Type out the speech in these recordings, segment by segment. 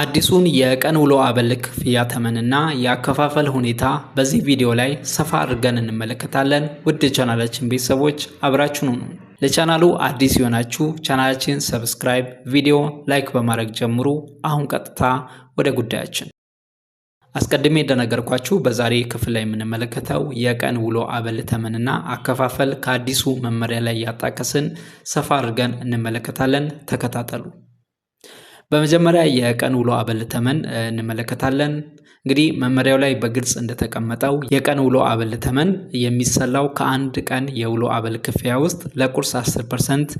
አዲሱን የቀን ውሎ አበል ክፍያ ተመንና የአከፋፈል ሁኔታ በዚህ ቪዲዮ ላይ ሰፋ አድርገን እንመለከታለን። ውድ ቻናላችን ቤተሰቦች አብራችሁኑ ነው። ለቻናሉ አዲስ የሆናችሁ ቻናላችን ሰብስክራይብ፣ ቪዲዮ ላይክ በማድረግ ጀምሩ። አሁን ቀጥታ ወደ ጉዳያችን። አስቀድሜ እንደነገርኳችሁ በዛሬ ክፍል ላይ የምንመለከተው የቀን ውሎ አበል ተመንና አከፋፈል ከአዲሱ መመሪያ ላይ ያጣቀስን ሰፋ አድርገን እንመለከታለን። ተከታተሉ። በመጀመሪያ የቀን ውሎ አበል ተመን እንመለከታለን። እንግዲህ መመሪያው ላይ በግልጽ እንደተቀመጠው የቀን ውሎ አበል ተመን የሚሰላው ከአንድ ቀን የውሎ አበል ክፍያ ውስጥ ለቁርስ 10 ፐርሰንት፣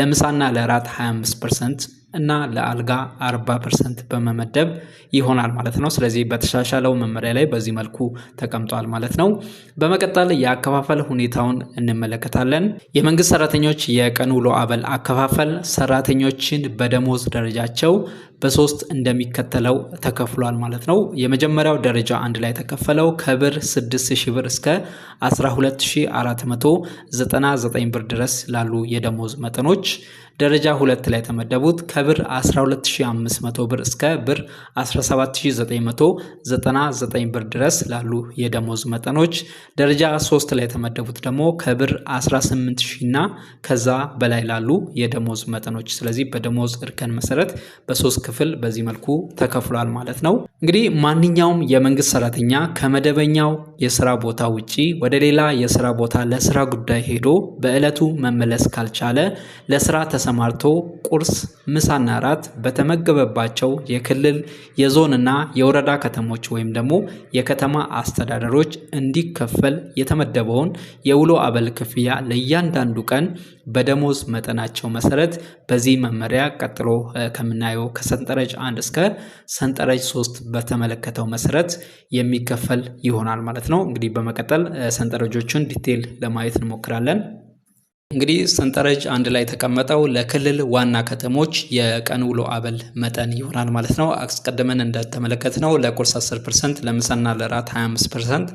ለምሳና ለራት 25 ፐርሰንት እና ለአልጋ 40 ፐርሰንት በመመደብ ይሆናል ማለት ነው። ስለዚህ በተሻሻለው መመሪያ ላይ በዚህ መልኩ ተቀምጧል ማለት ነው። በመቀጠል የአከፋፈል ሁኔታውን እንመለከታለን። የመንግስት ሰራተኞች የቀን ውሎ አበል አከፋፈል ሰራተኞችን በደሞዝ ደረጃቸው በሶስት እንደሚከተለው ተከፍሏል ማለት ነው። የመጀመሪያው ደረጃ አንድ ላይ ተከፈለው ከብር 6000 ብር እስከ 12499 ብር ድረስ ላሉ የደሞዝ መጠኖች ደረጃ ሁለት ላይ የተመደቡት ከብር 12500 ብር እስከ ብር 17999 ብር ድረስ ላሉ የደሞዝ መጠኖች ደረጃ ሶስት ላይ የተመደቡት ደግሞ ከብር 18000 እና ከዛ በላይ ላሉ የደሞዝ መጠኖች ስለዚህ በደሞዝ እርከን መሰረት በሶስት ክፍል በዚህ መልኩ ተከፍሏል ማለት ነው። እንግዲህ ማንኛውም የመንግስት ሰራተኛ ከመደበኛው የስራ ቦታ ውጪ ወደ ሌላ የስራ ቦታ ለስራ ጉዳይ ሄዶ በዕለቱ መመለስ ካልቻለ ለስራ ተሰማርቶ ቁርስ፣ ምሳና ራት በተመገበባቸው የክልል የዞንና የወረዳ ከተሞች ወይም ደግሞ የከተማ አስተዳደሮች እንዲከፈል የተመደበውን የውሎ አበል ክፍያ ለእያንዳንዱ ቀን በደሞዝ መጠናቸው መሰረት በዚህ መመሪያ ቀጥሎ ከምናየው ከሰ ከሰንጠረዥ አንድ እስከ ሰንጠረዥ ሶስት በተመለከተው መሰረት የሚከፈል ይሆናል ማለት ነው። እንግዲህ በመቀጠል ሰንጠረዦቹን ዲቴል ለማየት እንሞክራለን። እንግዲህ ሰንጠረዥ አንድ ላይ ተቀመጠው ለክልል ዋና ከተሞች የቀን ውሎ አበል መጠን ይሆናል ማለት ነው። አስቀድመን እንደተመለከት ነው ለቁርስ 10 ፐርሰንት፣ ለምሳና ለራት 25 ፐርሰንት፣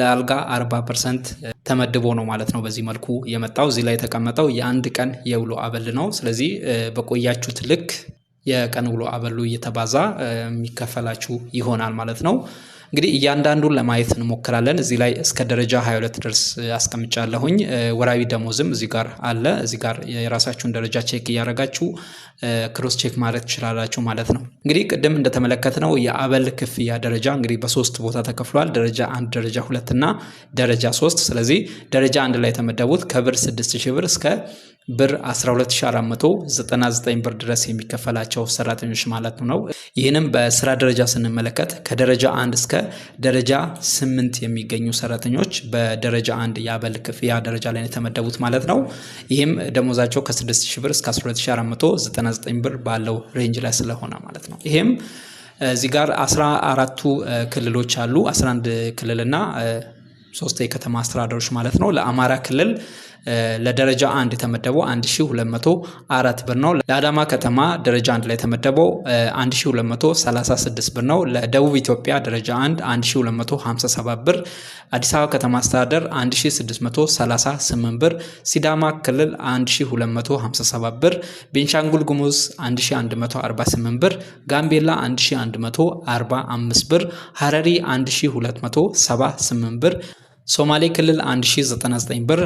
ለአልጋ 40 ፐርሰንት ተመድቦ ነው ማለት ነው። በዚህ መልኩ የመጣው እዚህ ላይ የተቀመጠው የአንድ ቀን የውሎ አበል ነው። ስለዚህ በቆያችሁት ልክ የቀን ውሎ አበሉ እየተባዛ የሚከፈላችሁ ይሆናል ማለት ነው። እንግዲህ እያንዳንዱን ለማየት እንሞክራለን። እዚህ ላይ እስከ ደረጃ 22 ድረስ አስቀምጫለሁኝ። ወራዊ ደሞዝም እዚህ ጋር አለ። እዚህ ጋር የራሳችሁን ደረጃ ቼክ እያደረጋችሁ ክሮስ ቼክ ማድረግ ትችላላችሁ ማለት ነው። እንግዲህ ቅድም እንደተመለከትነው የአበል ክፍያ ደረጃ እንግዲህ በሶስት ቦታ ተከፍሏል። ደረጃ አንድ፣ ደረጃ ሁለት እና ደረጃ ሶስት። ስለዚህ ደረጃ አንድ ላይ የተመደቡት ከብር 6000 ብር እስከ ብር 12499 ብር ድረስ የሚከፈላቸው ሰራተኞች ማለት ነው። ይህንም በስራ ደረጃ ስንመለከት ከደረጃ አንድ እስከ ደረጃ ስምንት የሚገኙ ሰራተኞች በደረጃ አንድ የአበል ክፍያ ደረጃ ላይ የተመደቡት ማለት ነው። ይህም ደሞዛቸው ከ6000 ብር እስከ 12499 ብር ባለው ሬንጅ ላይ ስለሆነ ማለት ነው። ይህም እዚህ ጋር 14ቱ ክልሎች አሉ 11 ክልልና ሶስት የከተማ አስተዳደሮች ማለት ነው ለአማራ ክልል ለደረጃ አንድ የተመደበው 1204 ብር ነው። ለአዳማ ከተማ ደረጃ አንድ ላይ የተመደበው 1236 ብር ነው። ለደቡብ ኢትዮጵያ ደረጃ አንድ 1257 ብር፣ አዲስ አበባ ከተማ አስተዳደር 1638 ብር፣ ሲዳማ ክልል 1257 ብር፣ ቤንሻንጉል ጉሙዝ 1148 ብር፣ ጋምቤላ 1145 ብር፣ ሀረሪ 1278 ብር ሶማሌ ክልል 1099 ብር፣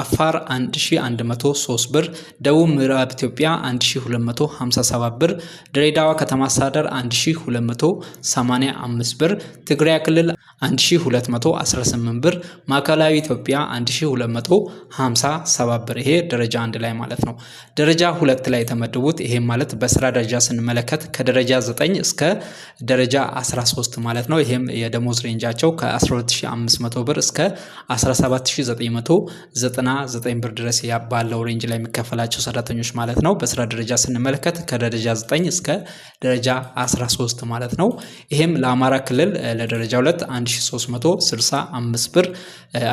አፋር 1103 ብር፣ ደቡብ ምዕራብ ኢትዮጵያ 1257 ብር፣ ድሬዳዋ ከተማ አስተዳደር 1285 ብር፣ ትግራይ ክልል 1218 ብር፣ ማዕከላዊ ኢትዮጵያ 1257 ብር። ይሄ ደረጃ አንድ ላይ ማለት ነው። ደረጃ ሁለት ላይ የተመደቡት ይሄ ማለት በስራ ደረጃ ስንመለከት ከደረጃ 9 እስከ ደረጃ 13 ማለት ነው። ይሄም የደሞዝ ሬንጃቸው ከ12500 ብር እስከ 17999 ብር ድረስ ባለው ሬንጅ ላይ የሚከፈላቸው ሰራተኞች ማለት ነው። በስራ ደረጃ ስንመለከት ከደረጃ 9 እስከ ደረጃ 13 ማለት ነው። ይህም ለአማራ ክልል ለደረጃ 2 1365 ብር፣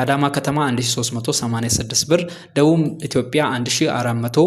አዳማ ከተማ 1386 ብር፣ ደቡብ ኢትዮጵያ 1400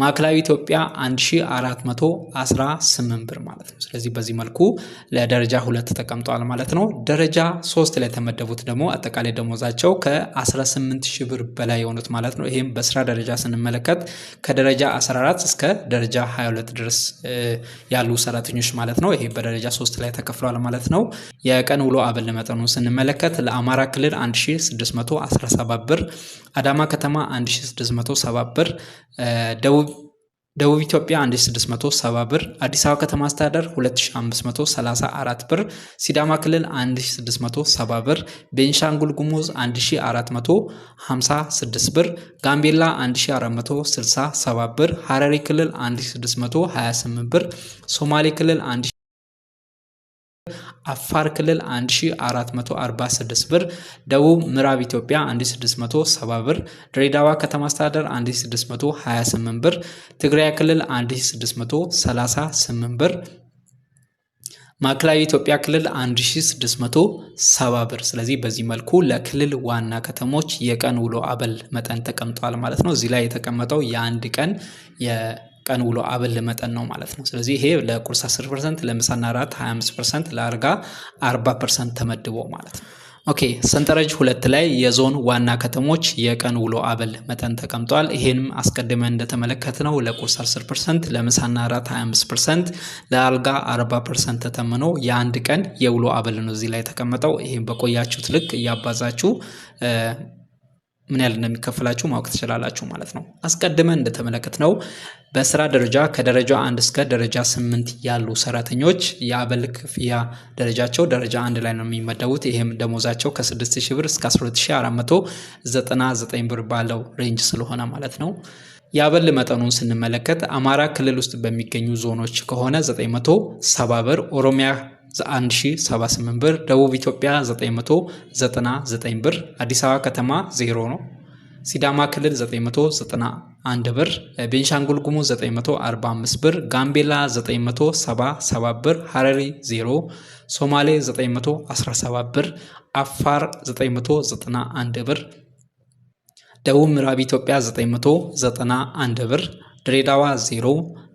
ማዕከላዊ ኢትዮጵያ 1418 ብር ማለት ነው። ስለዚህ በዚህ መልኩ ለደረጃ ሁለት ተቀምጠዋል ማለት ነው። ደረጃ ሶስት ላይ የተመደቡት ደግሞ አጠቃላይ ደሞዛቸው ከ18000 ብር በላይ የሆኑት ማለት ነው። ይህም በስራ ደረጃ ስንመለከት ከደረጃ 14 እስከ ደረጃ 22 ድረስ ያሉ ሰራተኞች ማለት ነው። ይሄ በደረጃ ሶስት ላይ ተከፍሏል ማለት ነው። የቀን ውሎ አበል መጠኑ ስንመለከት ለአማራ ክልል 1617 ብር፣ አዳማ ከተማ 1670 ብር፣ ደቡብ ደቡብ ኢትዮጵያ 1670 ብር፣ አዲስ አበባ ከተማ አስተዳደር 2534 ብር፣ ሲዳማ ክልል 1670 ብር፣ ቤንሻንጉል ጉሙዝ 1456 ብር፣ ጋምቤላ 1467 ብር፣ ሐረሪ ክልል 1628 ብር፣ ሶማሌ ክልል አፋር ክልል 1446 ብር፣ ደቡብ ምዕራብ ኢትዮጵያ 1670 ብር፣ ድሬዳዋ ከተማ አስተዳደር 1628 ብር፣ ትግራይ ክልል 1638 ብር፣ ማዕከላዊ ኢትዮጵያ ክልል 1670 ብር። ስለዚህ በዚህ መልኩ ለክልል ዋና ከተሞች የቀን ውሎ አበል መጠን ተቀምጧል ማለት ነው። እዚህ ላይ የተቀመጠው የአንድ ቀን ቀን ውሎ አበል ልመጠን ነው ማለት ነው። ስለዚህ ይሄ ለቁርስ 10 ፐርሰንት፣ ለምሳና ራት 25 ፐርሰንት፣ ለአልጋ 40 ፐርሰንት ተመድቦ ማለት ነው። ኦኬ ሰንጠረዥ ሁለት ላይ የዞን ዋና ከተሞች የቀን ውሎ አበል መጠን ተቀምጧል። ይሄንም አስቀድመን እንደተመለከትነው ለቁርስ 10 ፐርሰንት፣ ለምሳና ራት 25 ፐርሰንት፣ ለአልጋ 40 ፐርሰንት ተተምኖ የአንድ ቀን የውሎ አበል ነው እዚህ ላይ ተቀመጠው። ይህም በቆያችሁት ልክ እያባዛችሁ ምን ያህል እንደሚከፈላችሁ ማወቅ ትችላላችሁ ማለት ነው። አስቀድመን እንደተመለከትነው በስራ ደረጃ ከደረጃ አንድ እስከ ደረጃ ስምንት ያሉ ሰራተኞች የአበል ክፍያ ደረጃቸው ደረጃ አንድ ላይ ነው የሚመደቡት። ይህም ደሞዛቸው ከ6000 ብር እስከ 12499 ብር ባለው ሬንጅ ስለሆነ ማለት ነው። የአበል መጠኑን ስንመለከት አማራ ክልል ውስጥ በሚገኙ ዞኖች ከሆነ 970 ብር፣ ኦሮሚያ 1078 ብር፣ ደቡብ ኢትዮጵያ 999 ብር፣ አዲስ አበባ ከተማ 0 ነው። ሲዳማ ክልል 991 ብር፣ ቤንሻንጉል ጉሙዝ 945 ብር፣ ጋምቤላ 977 ብር፣ ሀረሪ 0፣ ሶማሌ 917 ብር፣ አፋር 991 ብር፣ ደቡብ ምዕራብ ኢትዮጵያ 991 ብር፣ ድሬዳዋ 0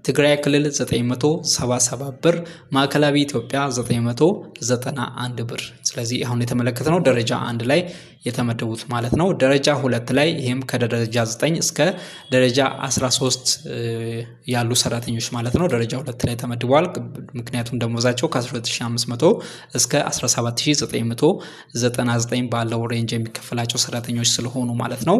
ትግራይ ክልል 977 ብር፣ ማዕከላዊ ኢትዮጵያ 991 ብር። ስለዚህ አሁን የተመለከትነው ደረጃ አንድ ላይ የተመደቡት ማለት ነው። ደረጃ ሁለት ላይ ይህም ከደረጃ 9 እስከ ደረጃ 13 ያሉ ሰራተኞች ማለት ነው ደረጃ ሁለት ላይ ተመድበዋል። ምክንያቱም ደሞዛቸው ከ12500 እስከ 17999 ባለው ሬንጅ የሚከፈላቸው ሰራተኞች ስለሆኑ ማለት ነው።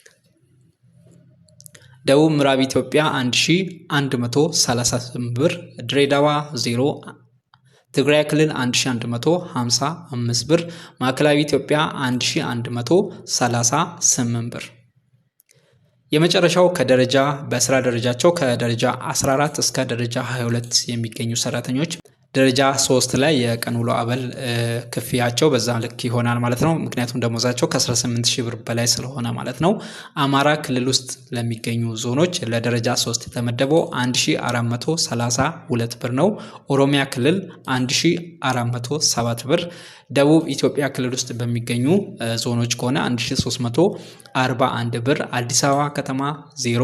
ደቡብ ምዕራብ ኢትዮጵያ 1138 ብር፣ ድሬዳዋ 0 ትግራይ ክልል 1155 ብር፣ ማዕከላዊ ኢትዮጵያ 1138 ብር። የመጨረሻው ከደረጃ በስራ ደረጃቸው ከደረጃ 14 እስከ ደረጃ 22 የሚገኙ ሰራተኞች ደረጃ ሶስት ላይ የቀን ውሎ አበል ክፍያቸው በዛ ልክ ይሆናል ማለት ነው። ምክንያቱም ደሞዛቸው ከ18 ሺህ ብር በላይ ስለሆነ ማለት ነው። አማራ ክልል ውስጥ ለሚገኙ ዞኖች ለደረጃ ሶስት የተመደበው 1432 ብር ነው። ኦሮሚያ ክልል 1407 ብር፣ ደቡብ ኢትዮጵያ ክልል ውስጥ በሚገኙ ዞኖች ከሆነ 1341 ብር፣ አዲስ አበባ ከተማ ዜሮ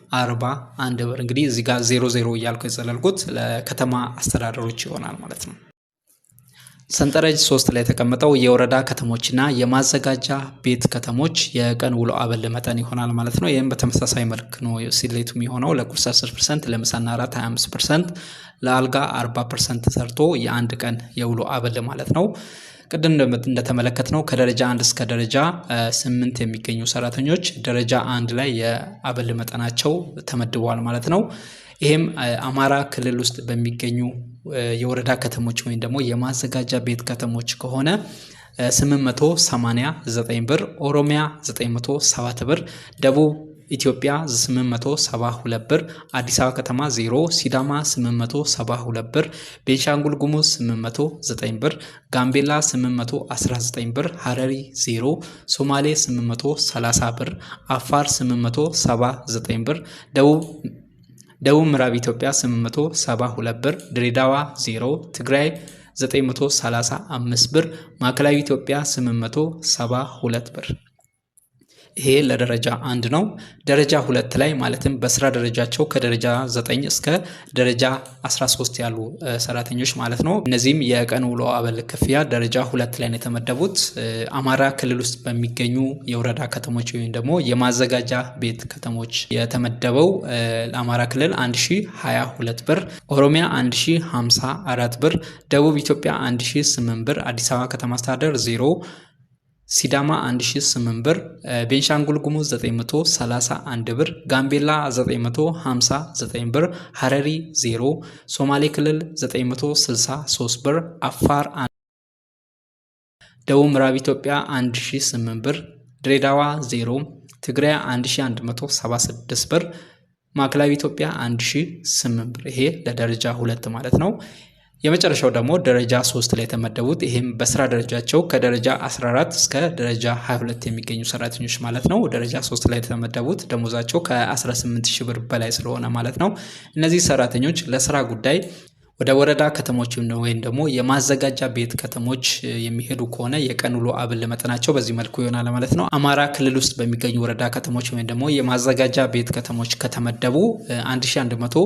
አርባ አንድ ብር እንግዲህ እዚህ ጋር ዜሮ ዜሮ እያልኩ የጸለልኩት ለከተማ አስተዳደሮች ይሆናል ማለት ነው። ሰንጠረዥ ሶስት ላይ የተቀመጠው የወረዳ ከተሞችና የማዘጋጃ ቤት ከተሞች የቀን ውሎ አበል መጠን ይሆናል ማለት ነው። ይህም በተመሳሳይ መልክ ነው ሲሌቱ የሚሆነው። ለቁርስ 10 ፐርሰንት፣ ለምሳና አራት 25 ፐርሰንት፣ ለአልጋ 40 ፐርሰንት ተሰርቶ የአንድ ቀን የውሎ አበል ማለት ነው። ቅድም እንደተመለከት ነው ከደረጃ አንድ እስከ ደረጃ ስምንት የሚገኙ ሰራተኞች ደረጃ አንድ ላይ የአበል መጠናቸው ተመድበዋል ማለት ነው። ይህም አማራ ክልል ውስጥ በሚገኙ የወረዳ ከተሞች ወይም ደግሞ የማዘጋጃ ቤት ከተሞች ከሆነ 889 ብር፣ ኦሮሚያ 907 ብር፣ ደቡብ ኢትዮጵያ 872 ብር፣ አዲስ አበባ ከተማ 0፣ ሲዳማ 872 ብር፣ ቤንሻንጉል ጉሙዝ 809 ብር፣ ጋምቤላ 819 ብር፣ ሀረሪ 0፣ ሶማሌ 830 ብር፣ አፋር 879 ብር፣ ደቡብ ደቡብ ምዕራብ ኢትዮጵያ 872 ብር፣ ድሬዳዋ 0፣ ትግራይ 935 ብር፣ ማዕከላዊ ኢትዮጵያ 872 ብር። ይሄ ለደረጃ አንድ ነው። ደረጃ ሁለት ላይ ማለትም በስራ ደረጃቸው ከደረጃ 9 እስከ ደረጃ 13 ያሉ ሰራተኞች ማለት ነው። እነዚህም የቀን ውሎ አበል ክፍያ ደረጃ ሁለት ላይ ነው የተመደቡት። አማራ ክልል ውስጥ በሚገኙ የወረዳ ከተሞች ወይም ደግሞ የማዘጋጃ ቤት ከተሞች የተመደበው ለአማራ ክልል 1022 ብር፣ ኦሮሚያ 1054 ብር፣ ደቡብ ኢትዮጵያ 1008 ብር፣ አዲስ አበባ ከተማ አስተዳደር 0 ሲዳማ 1800 ብር፣ ቤንሻንጉል ጉሙዝ 931 ብር፣ ጋምቤላ 959 ብር፣ ሐረሪ 0፣ ሶማሌ ክልል 963 ብር፣ አፋር፣ ደቡብ ምዕራብ ኢትዮጵያ 1800 ብር፣ ድሬዳዋ 0፣ ትግራይ 1176 ብር፣ ማዕከላዊ ኢትዮጵያ 1008 ብር። ይሄ ለደረጃ ሁለት ማለት ነው። የመጨረሻው ደግሞ ደረጃ 3 ላይ የተመደቡት ይህም በስራ ደረጃቸው ከደረጃ 14 እስከ ደረጃ 22 የሚገኙ ሰራተኞች ማለት ነው። ደረጃ 3 ላይ የተመደቡት ደሞዛቸው ከ 18 ብር በላይ ስለሆነ ማለት ነው። እነዚህ ሰራተኞች ለስራ ጉዳይ ወደ ወረዳ ከተሞች ወይም ደግሞ የማዘጋጃ ቤት ከተሞች የሚሄዱ ከሆነ የቀን ውሎ አበል መጠናቸው በዚህ መልኩ ይሆናል ማለት ነው። አማራ ክልል ውስጥ በሚገኙ ወረዳ ከተሞች ወይም ደግሞ የማዘጋጃ ቤት ከተሞች ከተመደቡ 1100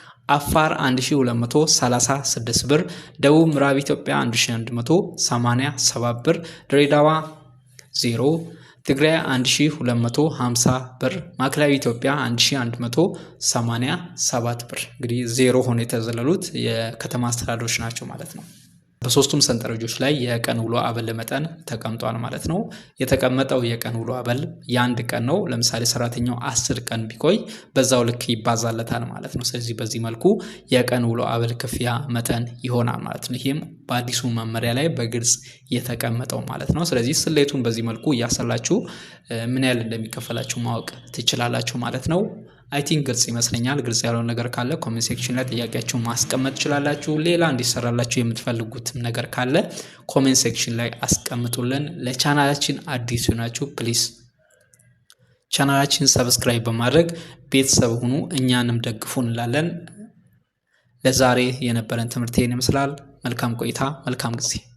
አፋር 1236 ብር፣ ደቡብ ምዕራብ ኢትዮጵያ 1187 ብር፣ ድሬዳዋ 0 ትግራይ 1250 ብር፣ ማዕከላዊ ኢትዮጵያ 1187 ብር። እንግዲህ ዜሮ ሆነ የተዘለሉት የከተማ አስተዳደሮች ናቸው ማለት ነው። በሶስቱም ሰንጠረጆች ላይ የቀን ውሎ አበል መጠን ተቀምጧል ማለት ነው። የተቀመጠው የቀን ውሎ አበል የአንድ ቀን ነው። ለምሳሌ ሰራተኛው አስር ቀን ቢቆይ በዛው ልክ ይባዛለታል ማለት ነው። ስለዚህ በዚህ መልኩ የቀን ውሎ አበል ክፍያ መጠን ይሆናል ማለት ነው። ይህም በአዲሱ መመሪያ ላይ በግልጽ የተቀመጠው ማለት ነው። ስለዚህ ስሌቱን በዚህ መልኩ እያሰላችሁ ምን ያህል እንደሚከፈላችሁ ማወቅ ትችላላችሁ ማለት ነው። አይ ቲንክ ግልጽ ይመስለኛል። ግልጽ ያለው ነገር ካለ ኮሜንት ሴክሽን ላይ ጥያቄያችሁን ማስቀመጥ ትችላላችሁ። ሌላ እንዲሰራላችሁ የምትፈልጉትም ነገር ካለ ኮሜንት ሴክሽን ላይ አስቀምጡልን። ለቻናላችን አዲስ ናችሁ ፕሊስ ቻናላችን ሰብስክራይብ በማድረግ ቤተሰብ ሁኑ፣ እኛንም ደግፉ እንላለን። ለዛሬ የነበረን ትምህርት ይህን ይመስላል። መልካም ቆይታ፣ መልካም ጊዜ